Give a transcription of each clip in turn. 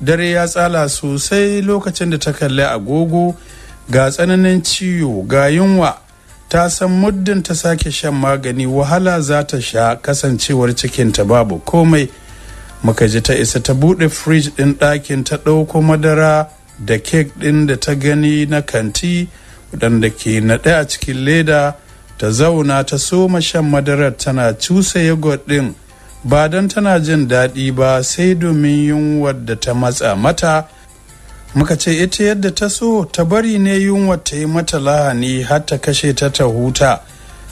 dare ya tsala sosai lokacin da ta kalli agogo ga tsananin ciwo ga yunwa ta san muddin ta sake shan magani wahala za ta sha kasancewar cikinta babu komai muka ji ta isa ta buɗe firij ɗin ɗakin ta ɗauko madara da kek ɗin da ta gani na kanti waɗanda ke naɗe a cikin leda ta zauna ta soma shan madarar tana cusa yogurt ɗin ba don tana jin daɗi ba sai domin yunwar da ta matsa mata muka ce ita yadda ta so ta bari ne yunwar ta yi mata lahani har ta kashe ta ta huta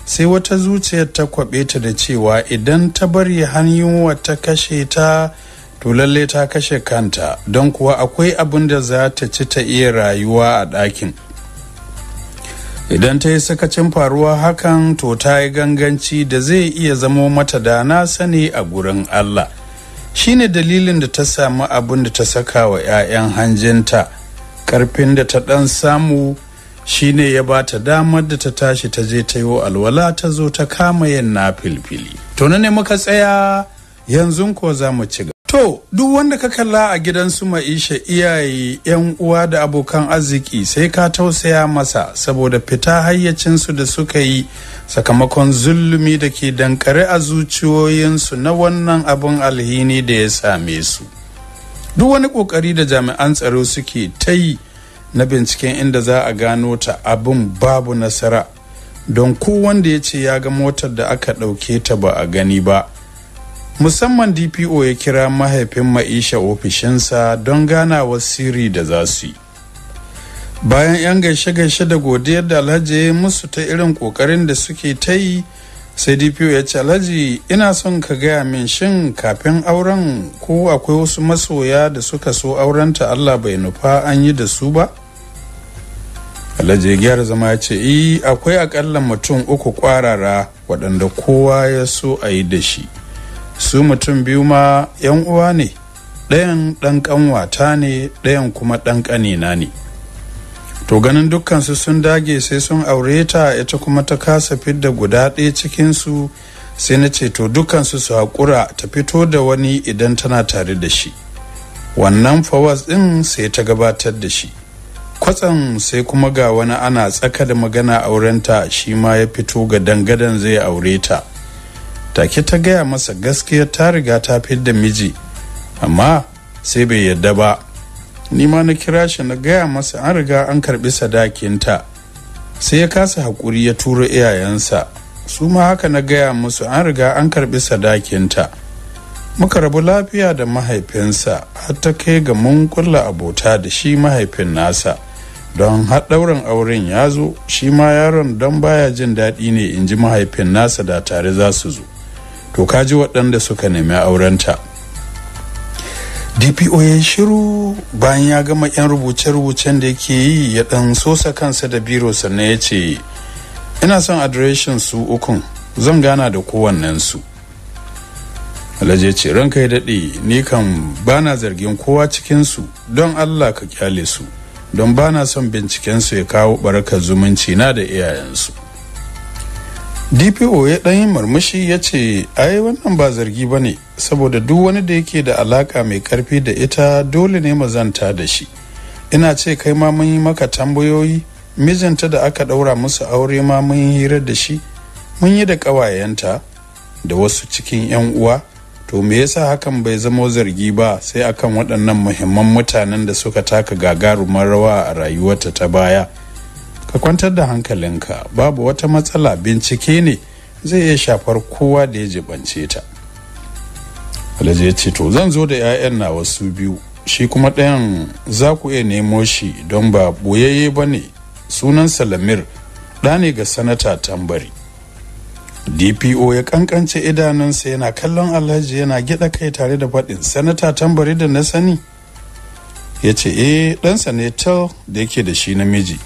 sai wata zuciyar ta kwaɓe ta da cewa idan ta bari har yunwar ta kashe ta to lalle ta kashe kanta don kuwa akwai abin da za ta ci ta iya rayuwa a ɗakin idan ta yi sakacin faruwa hakan to ta yi ganganci da zai iya zamo mata da na sani a gurin allah shine dalilin da ta samu abin da ta saka wa 'ya'yan hanjinta karfin da ta dan samu shine ya ba ta damar da ta tashi ta je ta yi alwala ta zo ta kama yin na filfili to ne muka tsaya yanzu ko za mu ci To, duk wanda ka kalla a gidan su ma'isha iyaye, 'yan uwa da abokan arziki sai ka tausaya masa saboda fita hayyacinsu da suka yi sakamakon zulumi da ke dankare a zuciyoyinsu na wannan abin alhini da ya same su. Duk wani ƙoƙari da jami'an tsaro suke ta yi na binciken inda za a gano ta abin babu nasara don ko wanda ya ce ya ga motar da aka ɗauke ta ba a gani ba. musamman dpo ya kira mahaifin maisha ofishinsa don ganawar sirri da za su yi bayan 'yan gaishe-gaishe da godiyar da alhaji musu ta irin kokarin da suke ta yi sai dpo ya ce alhaji ina son ka gaya min shin kafin auren ko akwai wasu masoya da suka so aurenta allah bai nufa an yi da su ba alhaji gyar zama ya ce eh, akwai akalla mutum uku kwarara waɗanda kowa ya so a yi da shi su mutum biyu ma 'yan uwa ne ɗayan ɗan ƙanwata ne ɗayan kuma ɗan ƙanina ne to ganin dukkansu sun dage sai sun aure ta ita kuma ta kasa fidda guda ɗaya cikinsu sai na ce to dukkansu su haƙura ta fito da wani idan tana tare da shi wannan fawas ɗin sai ta gabatar da shi kwatsan sai kuma ga wani ana tsaka da magana aurenta shi ma ya fito ga dangadan zai aure ta take ta gaya masa gaskiya ta riga ta da miji amma sai bai yadda ba ni ma na kira shi na gaya masa an riga an karbi sadakinta sai ya kasa haƙuri ya turo iyayensa su ma haka na gaya musu an riga an karbi sadakinta muka rabu lafiya da mahaifinsa har ta kai ga mun kulla abota da shi mahaifin nasa don har auren ya zo shi ma yaron don baya jin daɗi ne in ji mahaifin nasa da tare za su zo to ka ji waɗanda suka nemi aurenta dpo ya shiru bayan ya gama 'yan rubuce-rubucen da yake yi ya ɗan sosa kansa da biro sannan ya ce ina son adireshin su ukun zan gana da kowannensu alhaji ce ranka ya daɗe ni kan bana zargin kowa cikinsu don allah ka kyale su don bana son bincikensu ya kawo ɓarakar zumunci na da iyayensu dpo ya ɗan yi murmushi ya ce ai wannan ba zargi ba ne saboda duk wani da yake da alaka mai karfi da ita dole ne mazanta da shi ina ce kai ma mun yi maka tambayoyi mijinta da aka ɗaura musu aure ma mun yi hirar da shi mun yi da ƙawayenta da wasu cikin 'yan uwa to me yasa hakan bai zama zargi ba sai akan waɗannan muhimman mutanen da suka taka gagarumar rawa a rayuwarta ta baya ka kwantar da hankalinka babu wata matsala bincike ne zai iya shafar kowa da ya jibance ta alhaji ya ce to zan zo da 'ya'yan na wasu biyu shi kuma ɗayan za ku iya nemo shi don ba boyayye ba ne sunan salamir ɗa ne ga sanata tambari dpo ya kankance idanunsa yana kallon alhaji yana gida kai tare da faɗin sanata tambari da na sani ya ce eh ɗansa ne tal da yake da shi namiji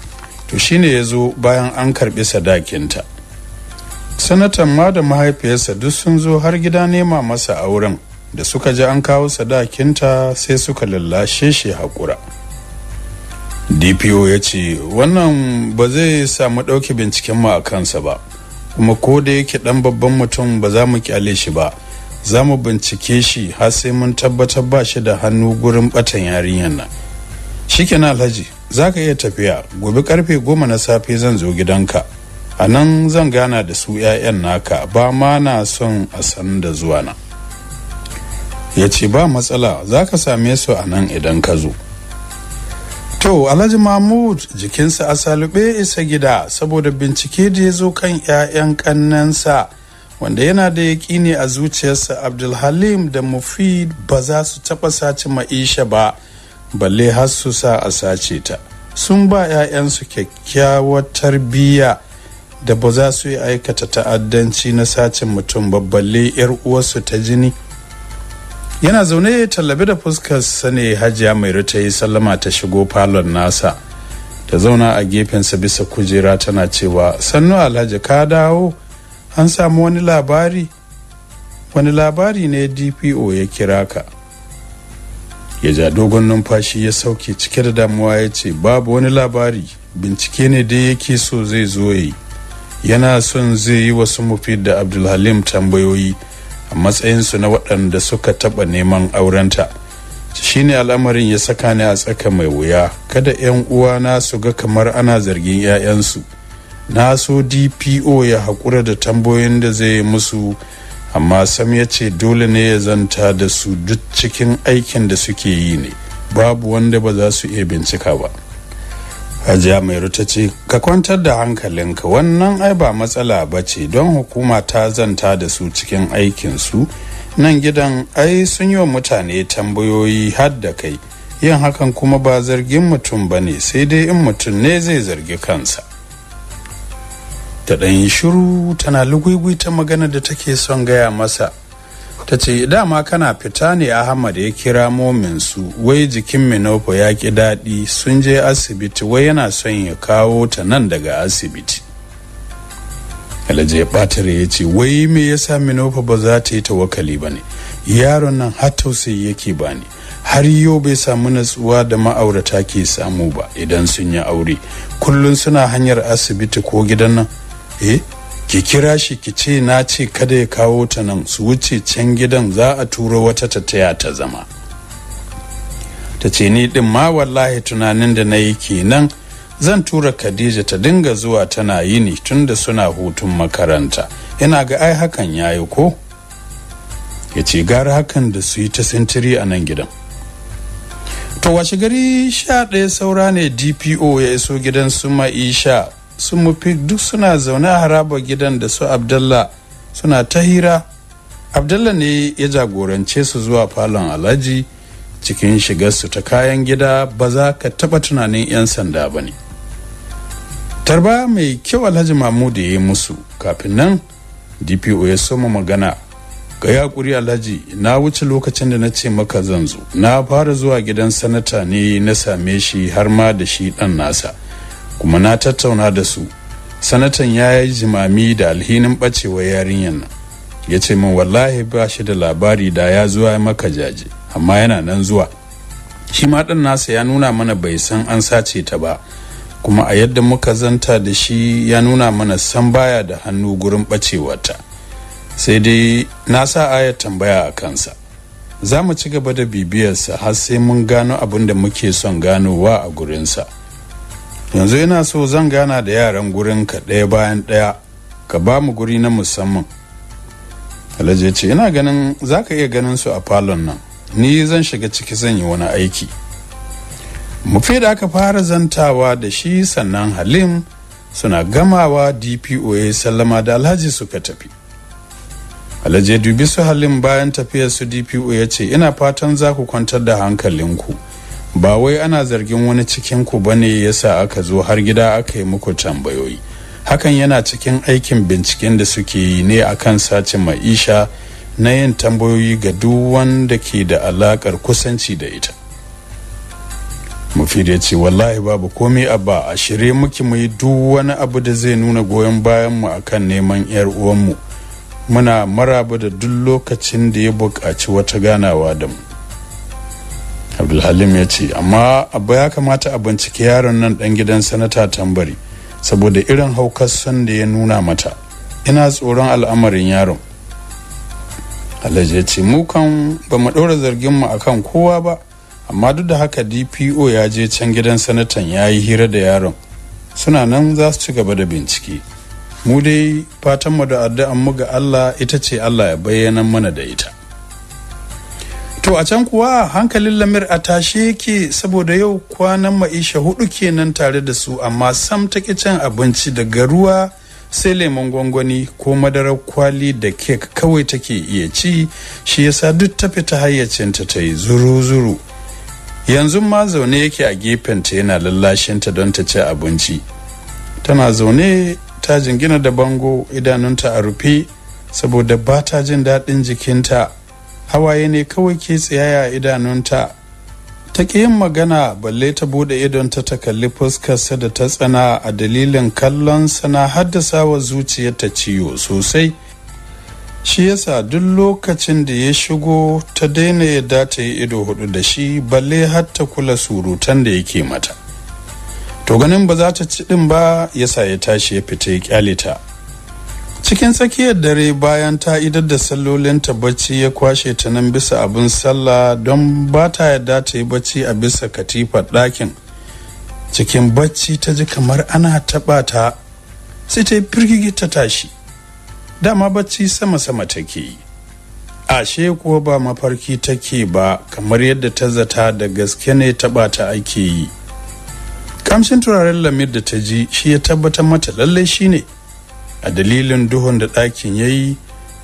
to shine ya zo bayan an karbi sadakinta sanatan ma da mahaifiyarsa duk sun zo har gida nema masa auren da suka ji an kawo sadakinta sai suka lallashe shi haƙura dpo ya ce wannan ba zai samu ɗauke binciken mu a kansa ba kuma ko da yake ɗan babban mutum ba za mu kyale shi ba za mu bincike shi har sai mun tabbatar ba shi da hannu gurin batan yarinyar nan shikenan alhaji za ka iya tafiya gobe karfe goma na safe zan zo gidanka a nan zan gana da su 'ya'yan naka ba ma na son a san da zuwa na ya ce ba matsala za ka same su a nan idan ka zo to alhaji mahmud jikinsa a salube isa gida saboda bincike da ya zo kan 'ya'yan kannansa wanda yana da ne a zuciyarsa abdulhalim da mufid ba za su taɓa sace ma'isha ba balle har su sa a sace ta sun ba 'ya'yansu kyakkyawar tarbiyya da ba za su yi aikata ta'addanci na sacin mutum ba balle 'yar uwarsu ta jini yana zaune tallabi da fuskar ne hajiya mai rita yi sallama ta shigo falon nasa ta zauna a gefensa bisa kujera tana cewa sannu alhaji ka dawo an samu wani labari wani labari ne dpo ya kira ka ya ja dogon numfashi ya sauke cike da damuwa ya ce babu wani labari bincike ne dai yake so zai zo yi yana son zai yi wasu mufid da abdulhalim tambayoyi a matsayinsu na waɗanda suka taɓa neman aurenta shi ne al'amarin ya saka ni a tsaka mai wuya kada 'yan uwana su ga kamar ana zargin 'ya'yansu na so dpo ya haƙura da tambayoyin da zai musu amma sam ya ce dole ne ya zanta da su duk cikin aikin da suke yi ne babu wanda ba za su iya bincika ba hajiya mai ta ce ka kwantar da hankalinka wannan ai ba matsala ba ce don hukuma ta zanta da su cikin aikinsu nan gidan ai sun yi wa mutane tambayoyi har da kai yin hakan kuma ba zargin mutum ba ne sai dai in mutum ne zai zargi kansa ta ɗan yi shiru tana lugwigwi ta magana da take son gaya masa ta ce dama kana fita ne ahmad ya kira mominsu wai jikin minofo ya ki daɗi sun je asibiti wai yana son ya kawo ta nan daga asibiti alhaji ya ya ce wai me yasa minofo ba za ta yi tawakali ba ne yaron nan har tausayi yake ba ne har yau bai samu natsuwa da ma'aurata ke samu ba idan sun yi aure kullum suna hanyar asibiti ko gidan nan eh ki kira shi ki ce na ce kada ya kawo ta nan su wuce can gidan za a turo wata ta taya ta zama ta ce ni din ma wallahi tunanin da na yi kenan zan tura khadija ta dinga zuwa tana yi tun da suna hutun makaranta ina ga ai hakan ya yi ko ya ce gara hakan da su yi ta sintiri a nan gidan to washe gari sha ɗaya saura ne dpo ya iso gidan su ma'isha su Mufik duk suna zaune a haraba gidan da su abdallah suna ta hira abdallah ne ya jagorance su zuwa falon alhaji cikin su ta kayan gida ba za ka taɓa tunanin 'yan sanda ba ne tarba mai kyau alhaji mahmudu ya yi musu kafin nan dpo ya soma magana ga yakuri alhaji na wuce lokacin da na ce maka zanzu na fara zuwa gidan sanata ne na same shi har ma da shi dan nasa kuma na tattauna da su sanatan ya yi jimami da alhinin bacewa yarinyar nan ya ce min wallahi ba shi da labari da ya zuwa maka jaje amma yana nan zuwa shi ma ɗan nasa ya nuna mana bai san an sace ta ba kuma a yadda muka zanta da shi ya nuna mana san baya da hannu gurin ɓacewarta sai dai na sa ayar tambaya a kansa za mu ci gaba da bibiyarsa har sai mun gano abin da muke son ganowa a gurinsa yanzu ina so zan gana da yaran gurin ka ɗaya bayan ɗaya ka ba mu guri na musamman alhaji ce ina ganin za ka iya ganin su a falon nan ni zan shiga ciki zan yi wani aiki mufi da aka fara zantawa da shi sannan halim suna gamawa dpo ya sallama da alhaji suka tafi alhaji dubi su halim bayan tafiyar su dpo ya ce ina fatan za ku kwantar da hankalinku ba wai ana zargin wani cikin ku bane yasa aka zo har gida aka yi muku tambayoyi hakan yana cikin aikin binciken da suke yi ne akan sace maisha na yin tambayoyi ga duk wanda ke da alakar kusanci da ita mufid da ce wallahi babu komai ba a shirye muke mu yi duk wani abu da zai nuna goyon bayan mu akan neman yar uwanmu muna maraba da duk lokacin da ya buƙaci wata ganawa da mu abdulhalim ya ce amma abba ya kamata a bincike yaron nan dan gidan sanata tambari saboda irin haukassan da ya nuna mata ina tsoron al'amarin yaron alhaji ya ce mu kan ba mu ɗora zarginmu a kan kowa ba amma duk da haka dpo ya je can gidan sanatan ya yi hira da yaron suna nan za su ci gaba da bincike mu dai fatanmu da addu'an mu ga allah ita ce allah ya bayyana mana da ita To a can kuwa hankalin Lamir a tashe yake saboda yau kwanan ma'isha hudu kenan tare da su amma sam take can abinci daga ruwa sai lemon gwangwani ko madarar kwali da kek kawai take iya ci shi yasa duk ta fita hayyacinta ta yi zuru-zuru. Yanzu ma zaune yake a gefenta yana lallashinta don ta ci abinci. Tana zaune ta jingina da bango idanunta a rufe saboda ba ta jin daɗin jikinta. hawaye ne kawai ke tsayaya idanunta ta ƙi yin magana balle ta buɗe idon ta kalli fuskarsa da ta tsana a dalilin kallon na haddasa wa ta ciwo sosai shi yasa duk lokacin da ya shigo ta daina yadda ta yi ido hudu da shi balle har ta kula surutan da yake mata to ganin ba za ta ci din ba yasa ya tashi ya fita ya kyale ta cikin tsakiyar dare bayan ta idar da sallolinta bacci ya kwashe ta nan bisa abin sallah don ba ta yarda ta yi bacci a bisa katifar ɗakin cikin bacci ta ji kamar ana taɓa ta sai ta yi firgigi ta tashi dama bacci sama-sama take yi ashe kuwa ba mafarki take ba kamar yadda ta zata da gaske ne taɓa ta ake yi kamshin turaren lamir da ta ji shi ya tabbatar mata lallai shi ne a dalilin duhun da ɗakin ya yi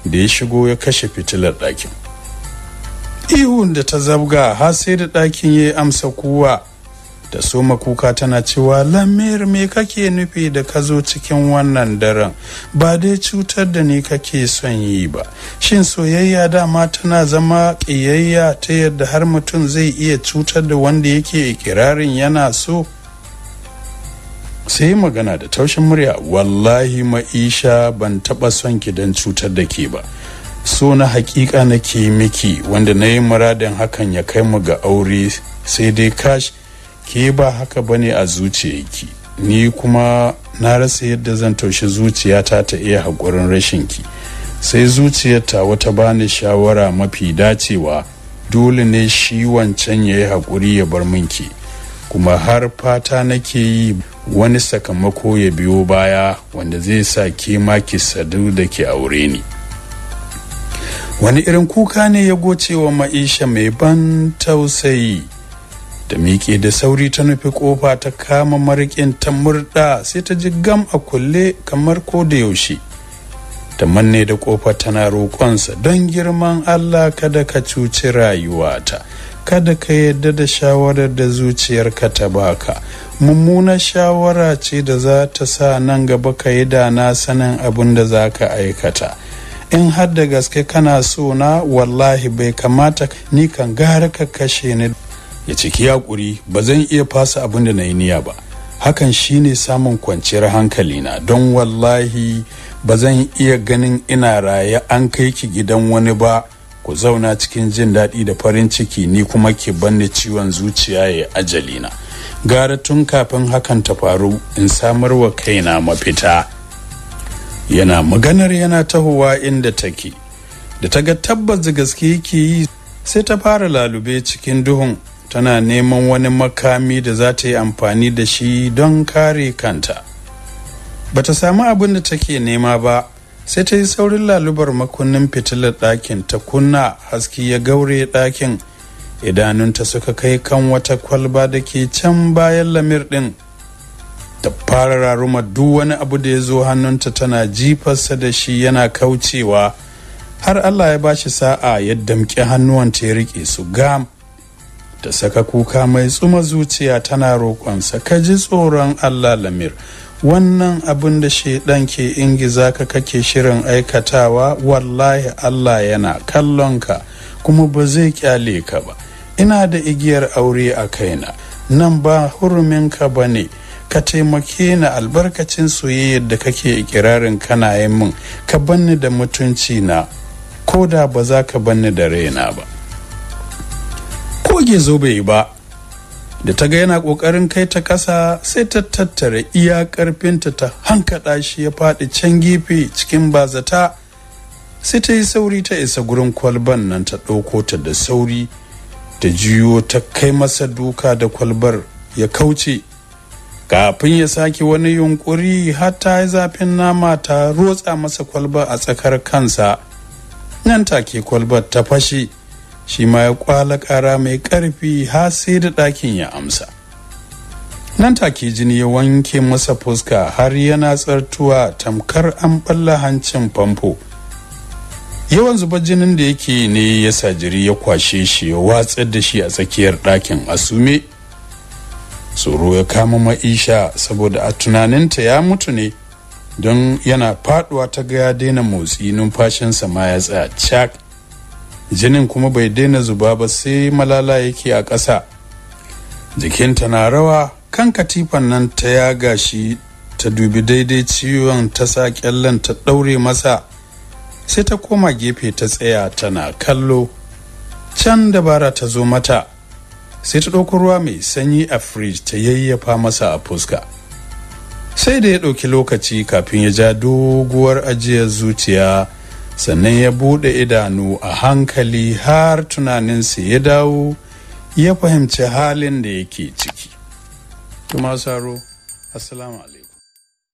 da ya shigo ya kashe fitilar ɗakin ihun da ta zabga har sai da ɗakin ya yi amsa kuwa da soma kuka tana cewa lamir me kake nufi da ka zo cikin wannan daren ba dai cutar da ni kake son yi ba shin soyayya dama tana zama ƙiyayya ta yadda har mutum zai iya cutar da wanda yake ikirarin yana so sai magana da taushin murya wallahi ma'isha ban taba son ki dan cutar da ke ba so na hakika ke miki wanda na yi muradin hakan ya kai mu ga aure sai dai kash ke ba haka bane a zuciyarki ni kuma na rasa yadda zan taushe zuciyata ta iya haƙurin rashin ki sai zuciyarta wata bani shawara mafi dacewa dole ne shi wancan ya yi haƙuri ya bar minki ki kuma har fata nake yi wani sakamako ya biyo baya wanda zai sa ke ma ki sadu da ke aure ni wani irin kuka ne ya goce wa ma'isha mai ban tausayi da miƙe da sauri ta nufi ƙofa ta kama mariƙin ta murɗa sai ta ji gam a kulle kamar ko da yaushe ta manne da ƙofa tana roƙonsa don girman allah kada ka cuci rayuwata kada ka yadda da shawarar da zuciyarka ta baka mummuna shawara ce da za ta sa nan gaba ka yi da na sanin abin da za ka aikata in har da gaske kana so na wallahi bai kamata ni kan gara ka kashe ni ya ciki kuri ba zan iya fasa abin da na yi niyya ba hakan shine samun kwanciyar hankali na don wallahi ba zan iya ganin ina raye an kai ki gidan wani ba ku zauna cikin jin daɗi da farin ciki ni kuma ke banne ciwon zuciya ya ajali na gara tun kafin hakan ta faru in samar wa kaina mafita yana maganar yana tahowa inda take da ta ga tabbas da gaske yake yi sai ta fara lalube cikin duhun tana neman wani makami da za ta yi amfani da shi don kare kanta bata samu abin da take nema ba sai ta yi saurin lalubar makunin fitilar ɗakin ta kunna haske ya gaure ɗakin idanunta suka kai kan wata kwalba da ke can bayan lamir ɗin ta fara raruma duk wani abu da ya zo hannunta tana jifarsa da shi yana kaucewa har allah ya bashi sa'a ya damƙi hannuwanta ya riƙe su gam ta saka kuka mai tsuma zuciya tana roƙonsa ka ji tsoron allah lamir wannan abin da shaidan ke ingiza ka kake shirin aikatawa wallahi allah yana kallon ka kuma ba zai kyale ka ba ina da igiyar aure a kaina nan ba huruminka ba ne ka taimake ni albarkacin soyayyar da kake ikirarin kana yin min ka banni da mutunci na ko da ba za ka banni da raina ba ko zo bai ba da ta ga yana kokarin kai ta kasa sai ta tattara iya karfinta ta hankada shi ya faɗi can gefe cikin bazata sai ta yi sauri ta isa gurin kwalban nan ta ɗauko ta da sauri ta juyo ta kai masa duka da kwalbar ya kauce kafin ya sake wani yunƙuri har ta zafin nama ta rotsa masa kwalbar a tsakar kansa nan take kwalbar ta fashe shi ma ya kwala ƙara mai ƙarfi har sai da ɗakin ya amsa nan take jini ya wanke masa fuska har yana tsartuwa tamkar an balla hancin famfo yawan zuba jinin da yake ne ya sa jiri ya kwashe shi ya watsar da shi a tsakiyar ɗakin asume tsoro ya kama ma'isha saboda a tunaninta ya mutu ne don yana faduwa ta ga ya daina motsi numfashinsa ma ya tsaya cak jinin kuma bai daina zuba ba sai malala yake a ƙasa jikinta na rawa kan katifan nan ta yaga shi ta dubi daidai ciwon ta sa kyallen ta ɗaure masa sai ta koma gefe ta tsaya tana kallo can dabara ta zo mata sai ta ɗauko ruwa mai sanyi a firij ta yayyafa masa a fuska sai da ya ɗauki lokaci kafin ya ja doguwar ajiyar zuciya sannan ya bude idanu a hankali har tunaninsa ya dawo ya fahimci halin da yake ciki. Tumasaro, Assalamu alaikum.